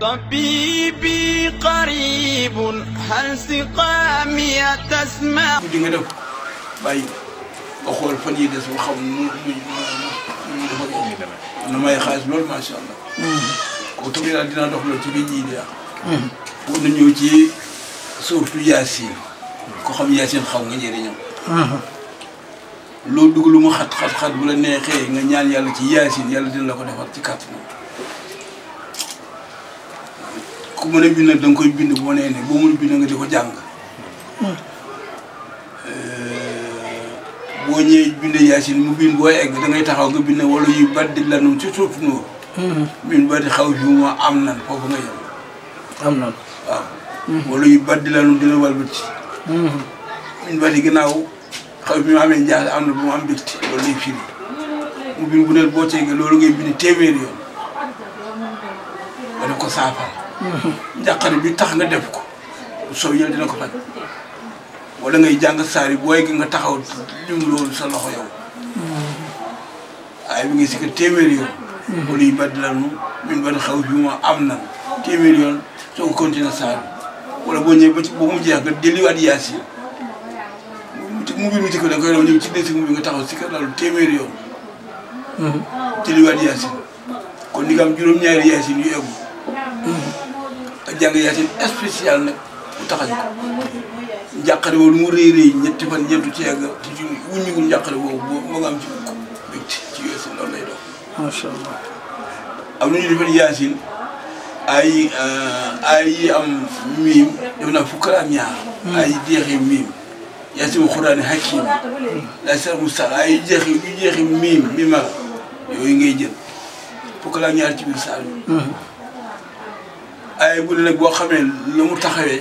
طبيبي قريب هل سقامي تسمع di nga def bàyyi nga xool fan yi des nga xam nu muy may xaalis loolu macha allah. Hmm. kooku tamit daal dinaa dox loolu ci biir ñii di hmm. ah. pour ñu ñëw ci surtout Yacine. ko xam Yacine xaw nga njëriñam. Hmm. loolu dugg lu mu xat xat xat bu la neexee nga ñaan yàlla ci Yacine yàlla dina la ko defal ci kàttan. ku mën a bind nag bind boo nee ne boo mën a bind nga di ko jàng. Hmm. Eh, boo ñëwee bind yaasin mu bind boo egg da taxaw nga bind wala yu baddi lanum ci suuf nu. Hmm. xaw mu am nan foofu nga yem. am hmm. yu baddi lanum dina walbati. min baddi ginnaaw xaw fi mu amee njaas am na bu mu am bégti loolu lay firi. mu bind bu ne boo ceegee loolu ngay bind téeméeri yoon. nga def ko saafara. njaqari bi tax nga def ko soo yël dina ko faj wala ngay jàng saari booy gi nga taxaw lim loolu sa loxo yow waaye bi nga si ko téeméeri yoon wala yu min ban xaw bi ma am na téeméeri ko continué saari wala boo ñëwee ba ci ba mu jeex nga delliwaat yaasi mu mbir mu ci ko da koy daw ci desi mu nga taxaw si ka mm-hmm. kon ñaari eggu jàng yaasin spécial nag bu taxañ ko lu mu rëy rëy ñetti fan ñeentu ci yàgg ci ci wuññiwul njàqare woowu moo nga am ci mukk bégti ci yaasin loolu lay dox macha allah am nañu yaasin ay euh, am miim def naa fukk ñaar hmm. ay jeexi miim yaasin xuraani hakim hmm. la sar mustal ay jeexi yu miim miima yooyu ngay jël fukk ñaar ci biir saar hmm. ay bu nag boo xamee la mu taxawee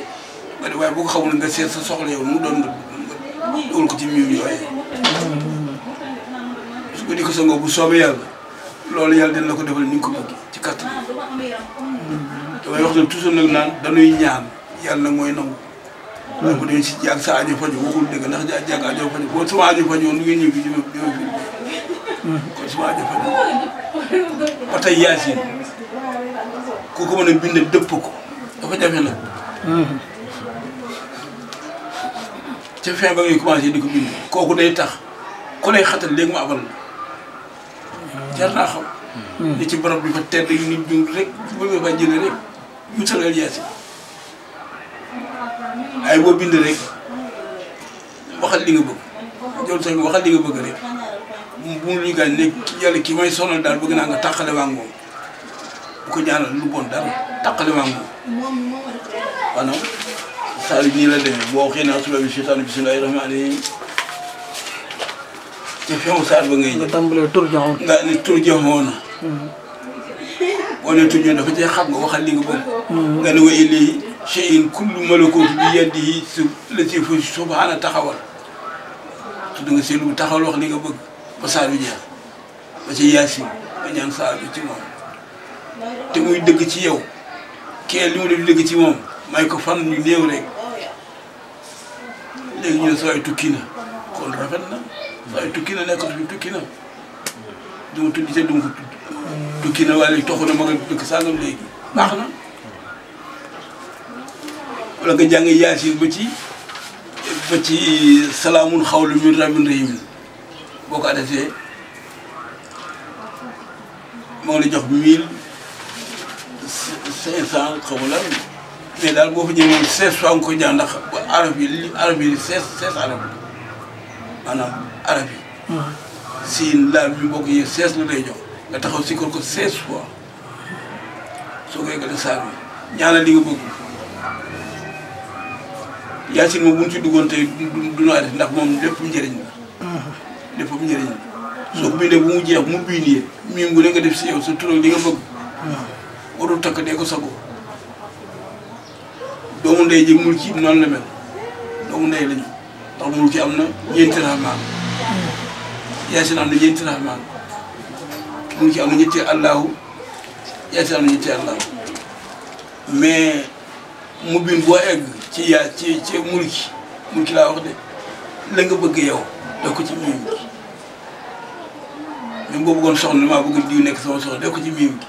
nga di waaye boo ko xamul nga seet sa soxla yow mu doon nga dugal ko ci miir yooyee su ko di ko sangoo bu soobee yàlla loolu yàlla dina la ko defal ni ko bëgg ci kattan damay ne toujours nag naan dañuy ñaan yàlla mooy nangu waaye bu dee si jàag sa aajo faju waxul dëgg ndax jaa jàag aajo faju boo sama aajo faju woon du ngeen ñëw fi jëm fi kon tey yaasin ku ko mën a bind dëpp ko dafa jafe nag. Mhm. fin ba ngay commencé kooku day tax ku lay xatal léegi mu abal la jar naa xam. Mhm. li ci borom bi fa tedd yu nit ñu rek bëgg nga fa jëlee rek wutal aliyaasi ay boo bind rek waxal li nga bëgg loolu sax waxal li nga bëgg rek mu lu ñu gaañ yàlla kii may sonal daal bëgg naa nga tàqale waa moom. bu ko ñaanal lu bon dara taqali maa ngi ko. Ah non saa yu nii la demee boo xëy naa suba bi seytaane bismillaahi rahmaani rahiim ci feewu nga tàmbalee na. boo nee tur dafa cee xam nga waxal li nga bëgg. Hmm. nga ne wa illee shay'in kullu malakuutu bi yadihi la ci fa subhaana taxawal. tudd nga seen lu taxawal wax li nga bëgg ba saar bi jeex ba ci yaasin ba ñaan saar bi ci moom. te muy dëgg ci yow kenn li mu def dëgg ci moom may ko fan ñu néew rek léegi ñu ne sooy tukki na kon rafet na sooy tukki na nekkatu fi tukki na du ma tudd ca du ma ko tudd tukki na wala toxu na ma nga dëkk sàngam léegi baax na wala nga jàng yaasin ba ci ba ci salaamun xawlu min rabbin rahiim boo ko adressé moo ngi lay jox mille cinq cent xaw ma lan mais daal boo fa ñëwoon seize fois nga ko jàng ndax arab yi li arab yi seize seize arab la maanaam arab yi. Hmm. siin laal bi boo ko yëg seize la lay jox nga taxaw si kër ko seize fois soo koy gën a saar bi ñaanal li nga bëgg. yaasin moom bu ñu ci duggoon tey du du du ndax moom lépp njëriñ la. Hmm. lépp njëriñ la. soo ko bindee bu mu jeex mu bindee. miim gu ne nga def si yow sa tur li nga bëgg. Hmm. boo dul takk dee ko sago doomu ndey ji mul ci noonu la mel doomu ndey lañu ndax mul ci am na ñeenti rahmaan yaasin am na ñeenti rahmaan mul ci am na ñetti allahu yaasin am na ñetti allahu mais mu bin boo egg ci yaa ci ci mul ki laa wax de la nga bëgg yow def ko ci miim gi même boo bëggoon soxna maa bëgg diw nekk sama soxna def ko ci miim gi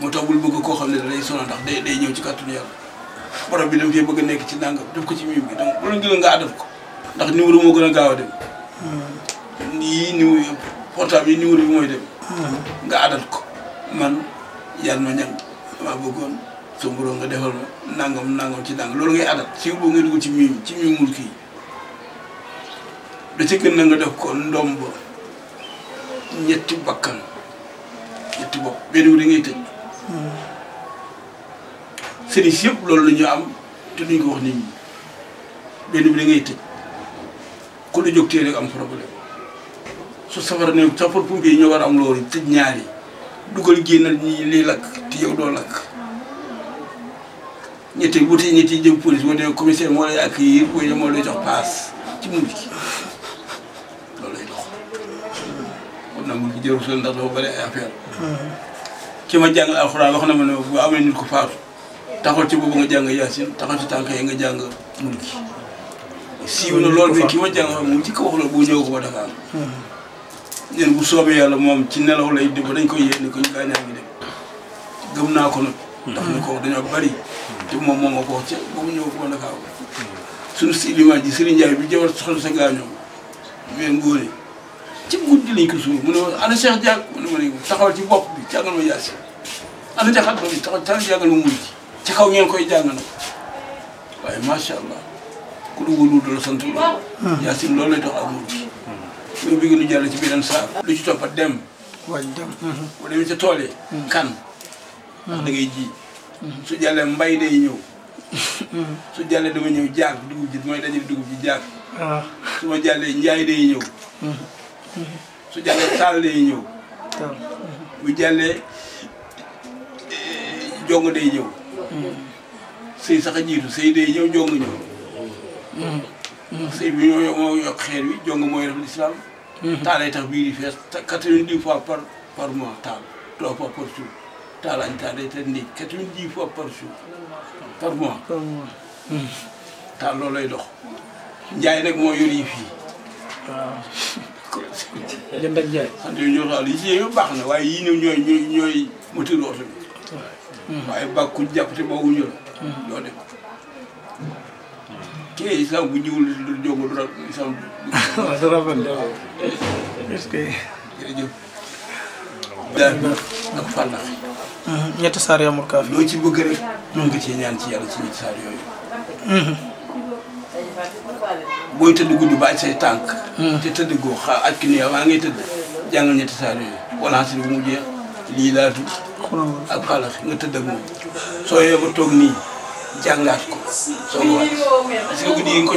moo tax bul bëgg koo xam ne day sonal ndax day day ñëw ci kàttanu yàlla borom bi dama fee bëgg a nekk ci nangam def ko ci miim bi donc bu la gën ko ndax numéro moo gën a gaaw a dem hmm. yii numéro portable yi numéro bi mooy dem hmm. nga adat ko man yàlla ma ñan dama bëggoon sa nga defal ma nangam nangam ci nangam loolu ngay adat si boo nga dugg ci miim ci miim mulki yi da ci gën na nga def ko ndomb ñetti bakkan ñetti bopp benn wu da ngay tëj sëriñ si yëpp loolu la am te duñ ko wax nit ñi benn bi da tëj ku la jóg tee rek am problème su safara ne safar pompier yi ñoo war a am loolu tëj ñaar yi dugal génnal ñi lii lakk te yow doo lakk ñetti wuti ñetti jëm police boo demee moo lay accueillir boo demee moo lay jox paas ci mujj gi loolu lay dox. kon nag mu ngi jëru seen ndax dafa bëri ay affaire ki ma jàngal alxuraan wax na ma ne bu amee nit ku faatu taxul ci boobu nga jàng yaasin taxul ci tànk yi nga jàng mulki siiw na ma jàngal moom bu ñëw ko ba Dakar bu soobee yàlla moom ci nelaw lay déglu dañ koy yee ni ko ñu gëm naa ko nag ndax ni ko dañoo bari te moom moom ma ko wax ca boobu ñëw ko ba bi jawar soxna sa gaañoo ween góore ci guddi lañ ci bopp jàngal ma yaasi ana jaxat ba bi taxaw taxaw ci kaw ngeen koy jàng na waaye macha allah sant lool. yaasin loolu lay dox ak mujj. loolu ci beneen saar. lu ci toppat dem. waaj tool yi. kan. ndax da ji. su jàllee mbay day ñëw. su jàllee dama ñëw jaag dugub ji dugub ji jaag. waaw su ma jàllee ñëw. su jàllee taal day ñëw. bu jàllee eh, jong day ñëw. sëy sax a jiitu sëy day ñëw jong ñëw. sëy bi ñoo moo yokk xeer wi jong mooy def lislaam. taal tax biir yi fees quatre vingt fois par par mois taal trois fois par jour taal añ taal day nit quatre vingt fois par jour par mois. taal loolu lay dox. njaay nag moo yor yi fii. jënd ak yi ñoo baax na waaye yii ñoom ñooy ñooy ñooy moteur oto bi. Hmm. waaye bàkku jàpp te boobu ñu la. doo dem kii islam bu ñëwul lu jóg lu rab islam. waaw du rafet est-ce que. Hmm, ñetti saar yi amul kaaf. loo ci bëgg rek. mën nga cee ñaan ci yàlla ci ñetti saar yooyu. Hmm. booy tëdd guddi ba aj say tànk. Hmm. te tëdd goo xa aj ki ne yaa ngay tëdd jàngal ñetti saar yooyu. wala mu jeex lii laatu. nga tëdd ak moom. soo yee ba toog nii jàngaat ko soo ko wàcc parce guddi nga ko a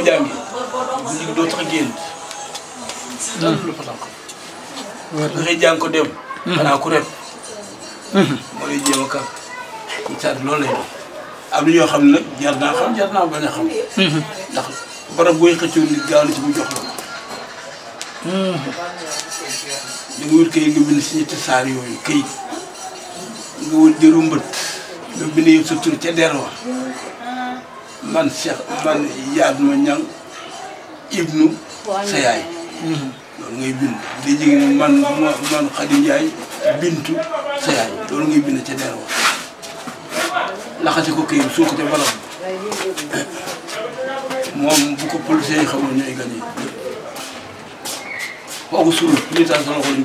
hmm. jàng ko dem. Hmm. xanaa ku rep. moo lay a kàr. ñu saa loolu lay am ñoo xam nag jar naa xam jar naa bañ a ndax. barab booy xëccoo nit gaaw na ci mu jox la ko. da hmm. nga wut nga bind si ñetti saar yooyu kayit nga wut jëru mbët nga bind yow sa tur ca der wa man Cheikh man yaad ma ñang ibnu sa yaay loolu ngay bind day jigéen man man Xadi Njaay bintu sa yaay loolu ngay bind ca der wa laxase ko kayit suuf ca barab moom bu ko policiers yi xamoon ñooy gagné lépp kooku suul ñu taal sa loxo lañ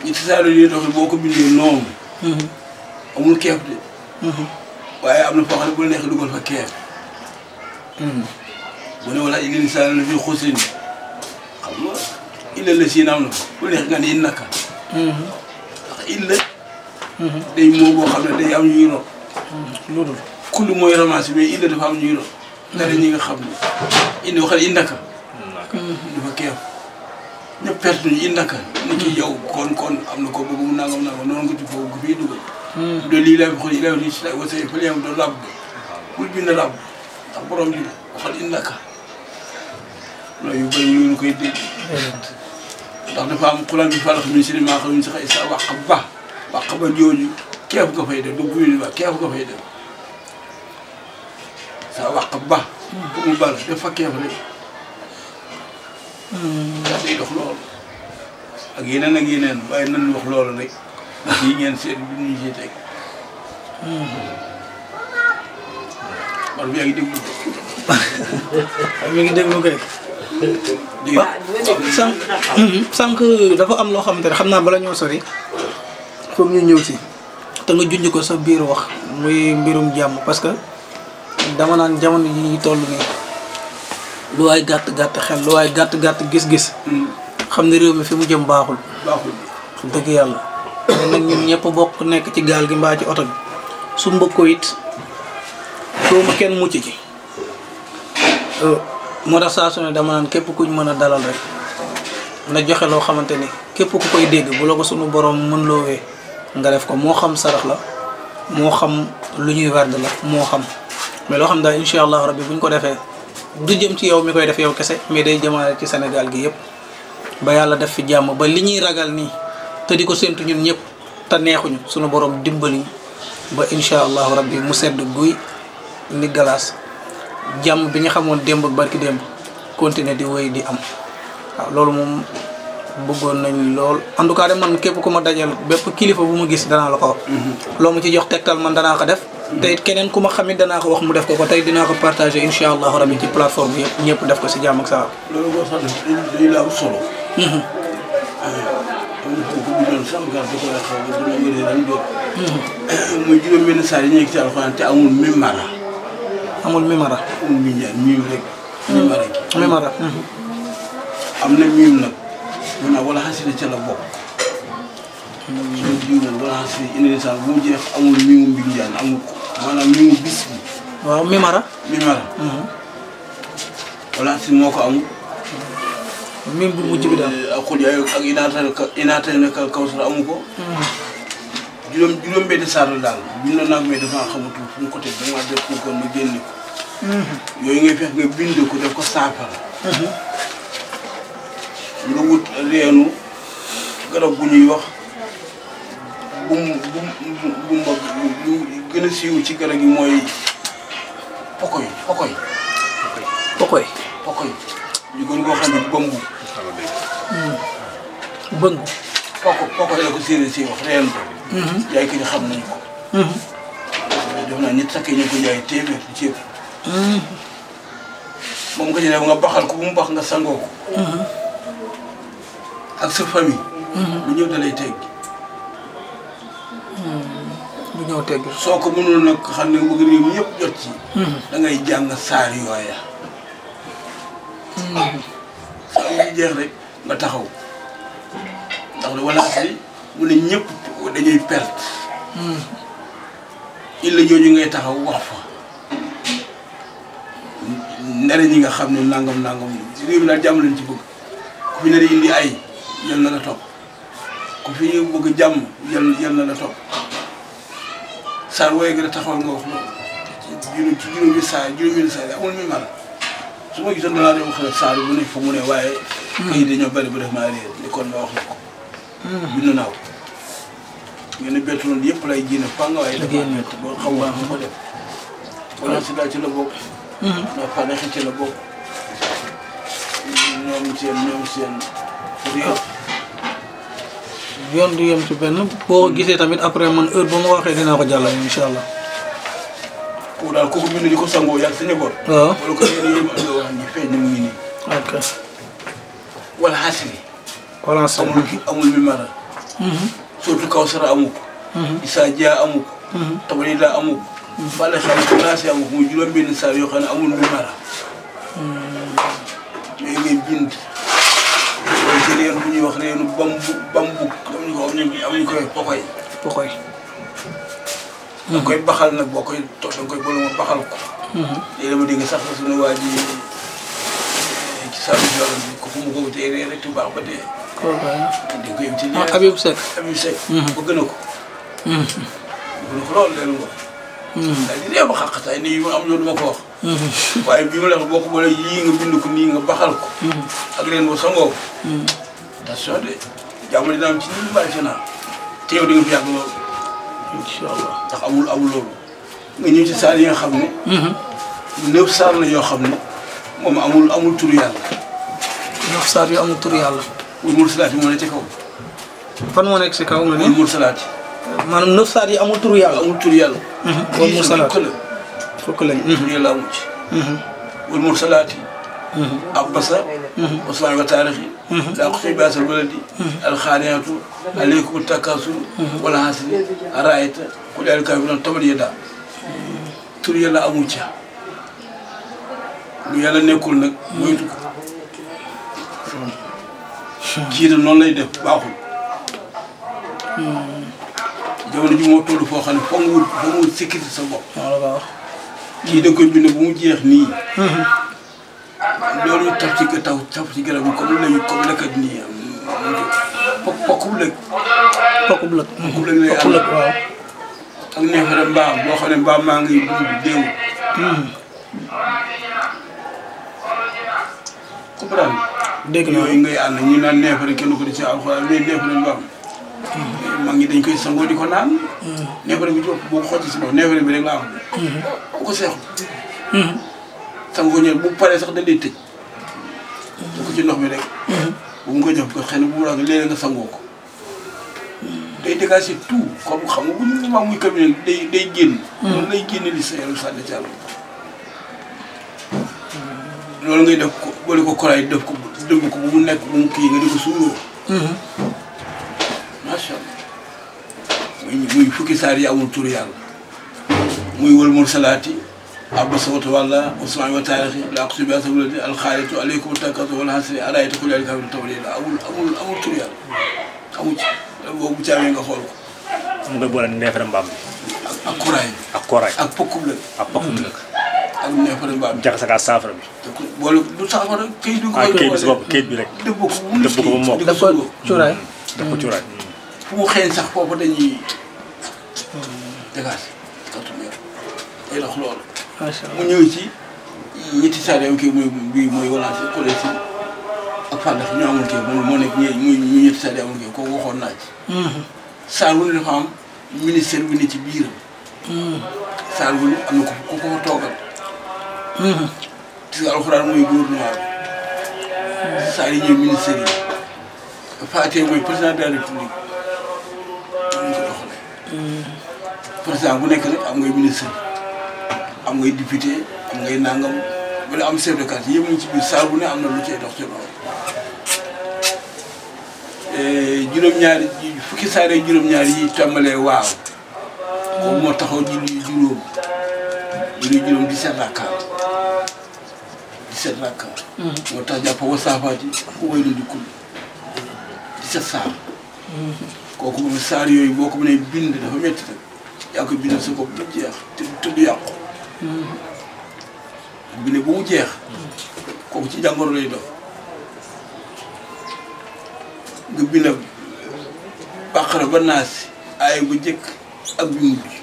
koy boo ko bindee noonu. amul waaye am na foo xam ne bu la neexee dugal fa keef. bu ne wala yéen la fi xusin xam nga illa la siin am na bu neex nga ne innaka. ndax illa. day moo boo xam ne day am ñuy rob. loolu kulli mooy romance mais indi dafa am ñuy doon. dara ñi nga xam ne indi waxal indaka. dafa keew ñëpp perte ñu indaka. ni ki kon kon am na ko bëgg mu nangam nangam noonu nga ci foofu gu fiy dugal. de lii laa bi xool yi laa bi si laay wasee yam doo làbb bul bind làbb ndax borom bi waxal indaka loolu yu bëri ñu koy dégg. ndax dafa am xulaan bi fàllax min si ne maa xam ne si xëy sa wàq ba wàq ba jooju. képp ko fay dem du buy ba képp ko fay dem sa wax ba bu mu bal fa képp rek hmm day dox lool ak yeneen ak yeneen way nan wax lool rek ndax yi ngeen seen bu ñu jité teg man mi yaa ngi déglu man ngi déglu kay sànq sank dafa am lo xamante xamna bala ñoo sori comme ñu ñew ci te nga junj ko sa biir wax muy mbirum jàmm parce que dama naan jamono yi ñuy toll nii lu ay gàtt gàtt xel lu ay gàtt gàtt gis-gis xam ne réew mi fi mu jëm baaxul baaxul dëgg yàlla nag ñun ñëpp bokk nekk ci gaal gi mbaa ci oto bi su mbëkkoo it ma kenn mucc ci euh, moo tax saa su ne dama naan képp kuñ mën a dalal rek na joxe loo xamante ni képp ku koy dégg bu la ko sunu borom mën loo wee nga def ko moo xam sarax la moo xam lu ñuy werd la moo xam mais loo xam daal insha allah rabbi buñ ko defee du jëm ci yow mi koy def yow kese mais day jëmaale ci sénégal gi yépp ba yàlla def fi jàmm ba li ñuy ragal nii te di ko séntu ñun ñëpp te neexuñu suñu borom dimbali ba insha allah rabbi mu sedd guy ni galaas jàmm bi ñu xamoon démb barki démb continuer di wéy di am waaw loolu bëggoon nañ lool en tout cas de man képp ku ma dajal bépp kilifa bu ma gis danaa la ko wax. Mhm. loo ma ci jox tegtal man danaa ko def. Mhm. te it keneen ku ma xam it danaa ko wax mu def ko ko tey dinaa ko partagé incha allahu rabi ci ñëpp def ko si jàmm ak salaam. loolu boo xam ne dañuy am solo. Mhm. muy juróom benn saa yi ñu nekk ci te amul mimara. amul mimara. amul mimara. mun naa wala xasida ca la bokk suñu jiw nañ wala xasida bu mu jeex amul mimu mbig njaan amul maanaam mimu bis bi waaw mimara mimara mhm. wala xasida moo ko amul mim bu eh, mhm. juróom benn saar daal bind naa ko mais dafa xamatul fu mu ko teg dama def ko kon ma génne ko mhm. yooyu ngay fex nga bind ko def ko saafara nga wut reenu garab gu ñuy wax bu mu bu mu bu gën a siiw ci garab gi mooy pokoy pokoy. pokoy pokoy. ñu gën koo xam ne bëngu. Hmm. bëngu. poko pokoy la ko séeréer si wax reen ko. jaay ko ñu xam nañu ko. Hmm. def naa ñett sakkee ñu ko jaay téeméer ci ceeb. Hmm. moom nga ci nga baxal ko bu mu bax nga sangoo ko. ak sa famille. Mm-hmm. lu ñëw dalay teggi. Mm-hmm. lu ñëw teggi soo ko mënul nag xam ne bëgg réew mi jot ci. Mm-hmm. da ngay jàng saar yooya. saar jeex rek nga taxaw ndax lu wala asli mu ne ñëpp dañuy perte. illa jooju ngay taxaw wax fa. ndare ñi nga xam ne nangam nangam réew mi daal jàmm lañ ci bëgg ku fi ne indi ay. yal na la topp ku fi ñu bëgg jàmm yal yal na la topp saar wooye gën a taxawal nga wax loolu juróomi saar juróomi saar mi mar su ma gisoon danaa dem wax saar bu ne mu ne waaye hmm. dañoo bari bu def maa réer ni kon ma wax la ko hmm. bind naa ko ne bettu noonu yëpp lay jiina pang waaye dafa bett boo xam waa ma hmm. la bokk ndax seen ñoom seen yon du yem ci benn boo gisee tamit après man heure ba ma waxee ko incha allah. kooku daal kooku bind di ko sangoo yàgg sa njaboot. waaw wala ko yéen yéen ok. wala wala amul amul mi mara. Mhm. surtout kaw sara amu ko. Mhm. Issa Dia amu ko. Mhm. Tabalida amu ko. Balla Sall ko amu ko muy juróom benn saa yoo xam ne amul mi mara. yooyu bind. wax ne yoonu bambu bambu amuñu ko amuñu ko pokoy. pokoy. da koy baxal nag boo koy toog da koy boole ma baxal ko. Mhm. léegi dama dégg sax suñu waa ji eh, ci Saalum Dior bi ko fu mu ko tey rek tu baax ba dee. waaw waaw koy ci ah Habib Seck Habib Seck. Mhm. bëgg na ko. Mhm. bëgg na ko lool léegi nga. daal di dee ba xàqataay nii ma am ñoo duma ko wax. waaye bi ma la wax boo ko boolee yii nga bind ko nii nga baxal ko. ak leen ba sangoo ko. attention eh? de jàmm dina am ci ñun bari ci naa te yow di nga fi yàgg loolu. incha ndax amul amul loolu. nga ñëw ci saar xam ne. Mhm. neuf saar yoo xam ne moom amul amul tur yàlla. neuf saar yu amul tur yàlla. wul mursalaat yi moo nekk ci kaw. fan moo nekk ci kaw nga amul tur yàlla. amul tur yàlla. Mhm. wul mursalaat fukk أبصر وصنع وتاريخي لا أقصي بأس الولد الخانيات عليكم التكاسل والحسن أرأيت كل ذلك من تمر يدا tur yàlla amu ca lu yàlla nekkul nag moytu ko kii na noonu lay def baaxul jamono ji moo toll foo xam ne foog nga wut foog nga sa bopp kii da koy bind bu mu jeex nii loolu tax ci taw tax ci garab yi comme lañu comme lëkkat nii po pokkum lëg. pokkum lëg. pokkum lëg lay mbaam boo xam ne mbaam maa ngi dund déew. Hmm. comprendre dégg naa ànd ñu naan neefere kenn ko di ci ngi hmm. dañ koy sangoo di ko naan. Hmm. neefere bi ci boo xotti si bopp bi rek laa am. ku ko seexu. sangoo ñëw bu paree sax dañ lay tëj. bu mm-hmm. ko ci ndox mi rek. Mm-hmm. bu mu ko jox ko xëy na bu mu raag nga sangoo ko. Mm-hmm. day dégager tout comme xam bu ñu ma muy cabinet day day génn. loolu lay génne li sa yaram sànni ci àll. loolu ngay def ko boole ko koraay def ko ko bu bu nga ko allah muy muy fukki saar yi amul tur muy wal أبو صوت والله وسمعي وتاريخي لا اقسم بهذا ولدي الخالد عليكم التكاثر والحسن أرأيت عليك الكافر التوليد أول أول أول تريال أول أول جامعين كخولك أمك بولا نفر مبابي أكوراي أكوراي أكبكم لك أكبكم لك أم نفر مبابي جاك سكا سافر بي بولا بسافر كيد بيك آه، كيد بيك كيد بيك دبوك دبوك بمو دبوك شوراي دبوك شوراي فو خين سخ بابا دني دكاس mu ñëw ci ñetti saa yu kii muy bii mooy a yi collège yi ak Fadax ñu amul kii moom moo nekk ñu ñetti saa yu amul kii kooku waxoon naa ci. Mm-hmm. saa wu ne dafa am ministère ne ci biiram. Mm-hmm. saa wu ne am na ku ko fa toogal. Mm-hmm. gis nga président de la nekk nag am am ngay député am ngay nangam wala am chef de quartier yëpp ñu ci biir saabu ne am na lu cay dox ci loolu. Eh, juróom-ñaari fukki saa rek juróom yi tàmbalee waaw. moom moo taxaw julli juróom julli juróom 17 mm-hmm. moo tax jàpp wa saafaati ku wéy la di kull 17 kooku moom saar yooyu boo ko mënee bind dafa métti rek yaa ko bindal sa bopp ba yàqu. bi ne bu mu jeex kooku ci jàngoro lay dox nga bind bàqara ba naas aay bu njëkk ak bi mujj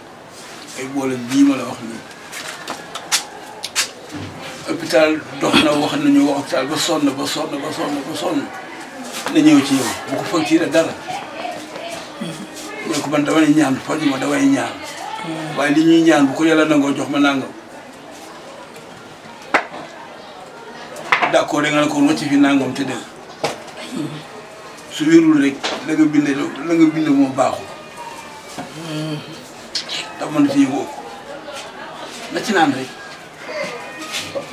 ay boole bii ma la wax nii hôpital dox na wax nañu wax hôpital ba sonn ba sonn ba sonn ba sonn na ñëw ci yow bu ko facturé dara mu ne ko man damay ñaan faju damay ñaan waaye li ñuy ñaan bu ko yàlla nangoo jox ma nangam d'accord da nga ne ko wacc fi nangam te su wérul rek la bind moom baaxul ndax mën na ci yëgoo ko ci naan rek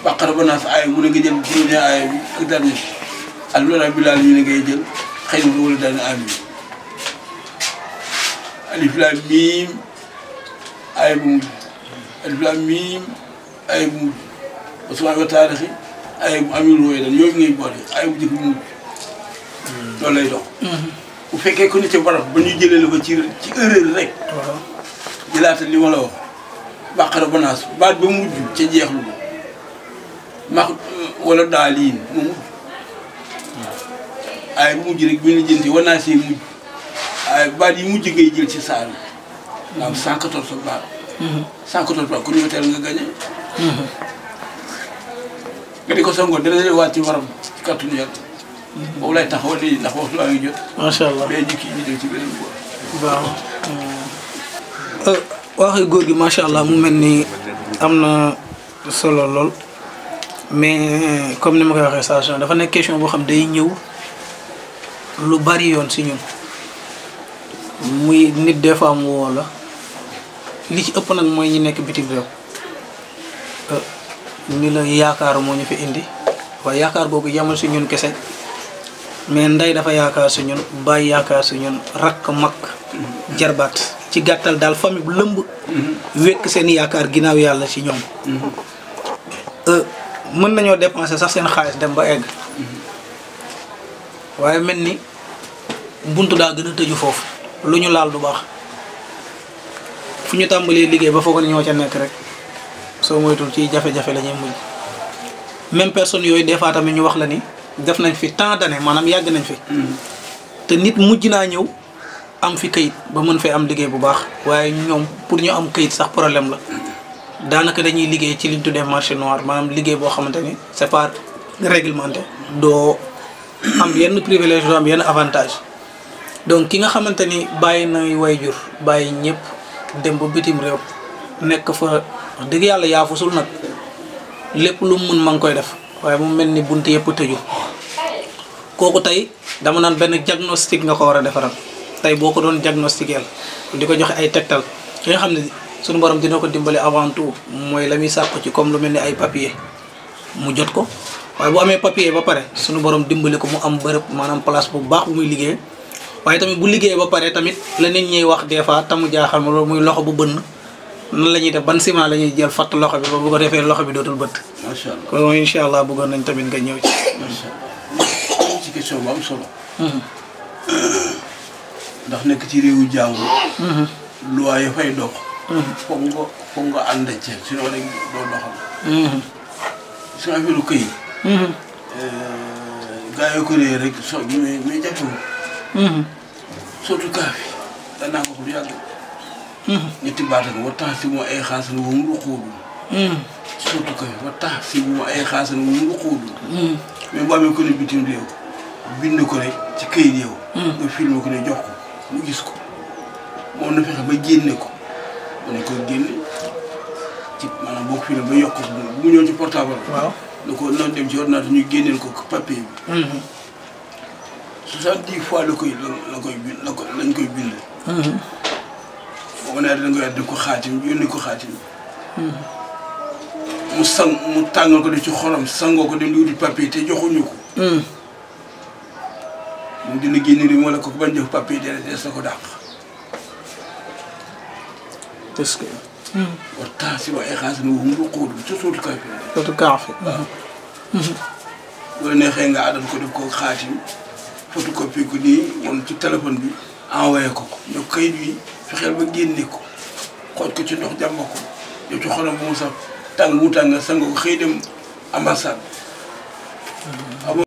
baqara ba naas aaya mu ne nga jël premier aaya bi ak dernier bi jël xëy alif laam miim ay bu mujj alif miim ay bu mujj asmaa wa taarixi ay bu amul wooyu dan yooyu ngay boole ay bu jëkk bu mujj loolu lay dox mm-hmm. bu fekkee ku ne ca ba ñu jëlee la ko ci ci erreur rek jëlaata li ma la wax bàqara baat ba mujj ca jeexlu ba max wala mu mujj mm-hmm. ay bu mujj rek bi ñu yi mujj jël ci saar nga am 114 bal 114 bal ku ñu teel nga gagné nga di ko songo dina lay waat waram ci lay taxaw ndax jot allah mais jikki ñu dem ci beneen boor waxi gi allah mu mel amna solo lool mais comme ni ma koy waxee station dafa nekk question boo xam day lu bari ñun muy nit des fois mu la li ci ëpp nag mooy ñi nekk bitim réew ni la yaakaar moo ñu fi indi waaye yaakaar googu yamul si ñun kese mais nday dafa yaakaar si ñun bàyyi yaakaar si ñun rakk mag mhm. jarbaat ci gàttal daal famille bu lëmb mhm. wekk seen yaakaar ginnaaw yàlla ci ñoom mhm. euh, mën nañoo dépenser sax seen xaalis dem ba egg waaye mel ni buntu daa gën a tëju foofu lu ñu laal du baax fu ñu tàmbalee liggéey ba foog ñoo ca nekk rek soo moytul ci jafe-jafe la ñuy mujj même personne yooyu des fois tamit ñu wax la ni def nañ fi tant d'années maanaam yàgg nañ fi mm. te nit mujj naa ñëw am fi kayit ba mën fee am liggéey bu baax waaye ñoom pour ñu am kayit sax problème la daanaka dañuy liggéey ci liñ tuddee marché noir maanaam liggéey boo xamante ni c'est pas réglementé doo am yenn privilège doo am yenn avantage donc ki nga xamante ni bàyyi na way jur bàyyi ñëpp dem ba bitim rew nekk fa deug yalla ya fusul nak lepp lu mun mën mang koy def waye mu melni buntu bunt teju koku tay dama nan ben diagnostic nga ko wara defal tay boko don ko diko diagnostiqueel di ko joxe ay tektal ki nga xamni sunu borom dina ko dimbali avant tout moy lamuy sakku ci comme lu melni ay papier mu jot ko waye bu amé papier ba paré sunu borom dimbali ko mu am beurep manam place bu baax bu muy liggéey waye tamit bu liggéey ba pare tamit la nit ñi wax des fois tamu jaaxal mo muy loxo bu bënn nan lañuy def ban ciment lañuy jël fat loxo bi ba bu ko defé loxo bi dootul bëtt. ma sha allah ko insha Allah bu gën nañ tamit nga ñëw ci. macha ci question bu am solo. Hmm. ndax nek ci réewu hmm loi ya fay dox. Hmm. foog nga ko nga ànd ci sinon rek doo doxal. su ma fi lu këy. Hmm. Euh, gaa yi ko rek so mais mi jafewul. Mm-hmm. surtout kaa danaa ko wax lu yàgg. Mm-hmm. ñetti baat ak wa tax si mu ay xaasan wu mu ruqoodul. surtout kaa mu ay xaasan ko mm-hmm. ne bitim réew bind ko rek ci këyit yow. nga filmé ko ne jox ko mu gis ko moom na fexe ba génne ko mu ne ko génne ci maanaam boo ko filmé ba yokk ko mu ñëw ci portable. waaw na ko na dem ci ordinateur ñu génneel ko papier bi. soixante-dix fois la koy la koy la koy lañ koy bind. Mhm. boobu nawet da nga koy di ko xaatim yónni ko xaatim. Mhm. mu sang mu tàngal ko di ci xolam sangoo ko dem di wuti papier te joxuñu ko. Mhm. ko dàq. est que. war taa si waaye xaalis mu mu xuur bi ca suutu kafe. suutu kafe. waaw. bu la neexee nga àddal ko def ko xaatim. photocopie ko nii ñoom ci téléphone bi envoyé ko ko ñu kayit wi fexeel ba génne ko xooj ko ci ndox jàmba ko yow ci xolam bu mu sax tàng mu tàng sang ko xëy dem ambassade